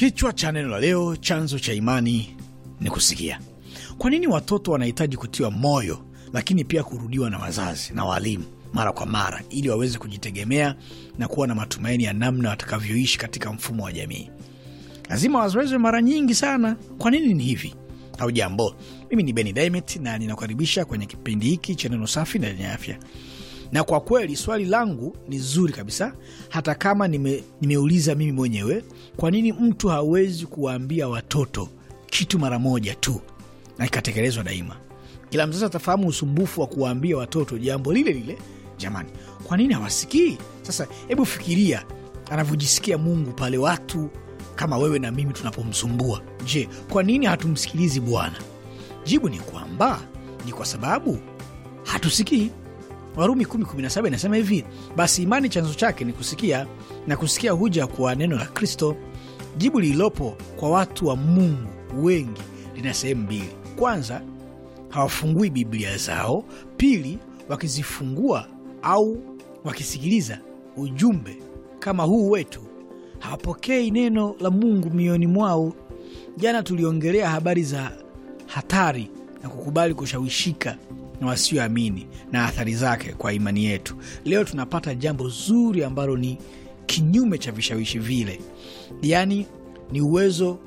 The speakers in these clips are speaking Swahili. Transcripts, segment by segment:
Kichwa cha neno la leo, chanzo cha imani ni kusikia. Kwa nini watoto wanahitaji kutiwa moyo, lakini pia kurudiwa na wazazi na walimu mara kwa mara, ili waweze kujitegemea na kuwa na matumaini ya namna watakavyoishi katika mfumo wa jamii? Lazima wazoezwe mara nyingi sana. Kwa nini ni hivi? au jambo mimi ni Beni Dimet na ninakukaribisha kwenye kipindi hiki cha neno safi na lenye afya na kwa kweli swali langu ni zuri kabisa, hata kama nime, nimeuliza mimi mwenyewe, kwa nini mtu hawezi kuwaambia watoto kitu mara moja tu na kikatekelezwa daima? Kila mzazi atafahamu usumbufu wa kuwaambia watoto jambo lile lile. Jamani, kwa nini hawasikii? Sasa hebu fikiria anavyojisikia Mungu pale watu kama wewe na mimi tunapomsumbua. Je, kwa nini hatumsikilizi Bwana? Jibu ni kwamba ni kwa sababu hatusikii. Warumi 10:17 inasema hivi, basi imani chanzo chake ni kusikia na kusikia huja kwa neno la Kristo. Jibu lililopo kwa watu wa Mungu wengi lina sehemu mbili. Kwanza, hawafungui Biblia zao. Pili, wakizifungua au wakisikiliza ujumbe kama huu wetu hawapokei neno la Mungu mioyoni mwao. Jana tuliongelea habari za hatari na kukubali kushawishika na wasioamini na athari zake kwa imani yetu. Leo tunapata jambo zuri ambalo ni kinyume cha vishawishi vile, yaani ni uwezo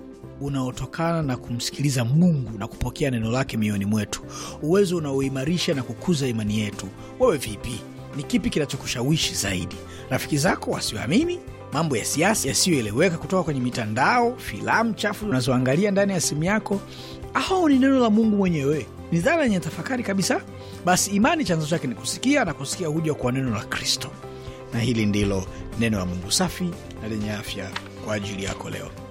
unaotokana na kumsikiliza Mungu na kupokea neno lake mioyoni mwetu, uwezo unaoimarisha na kukuza imani yetu. Wewe vipi? Ni kipi kinachokushawishi zaidi? Rafiki zako wasioamini, mambo ya siasa yasiyoeleweka kutoka kwenye mitandao, filamu chafu unazoangalia ndani ya simu yako, au ni neno la Mungu mwenyewe? ni dhana yenye tafakari kabisa. Basi imani chanzo chake ni kusikia na kusikia huja kwa neno la Kristo, na hili ndilo neno la Mungu safi na lenye afya kwa ajili yako leo.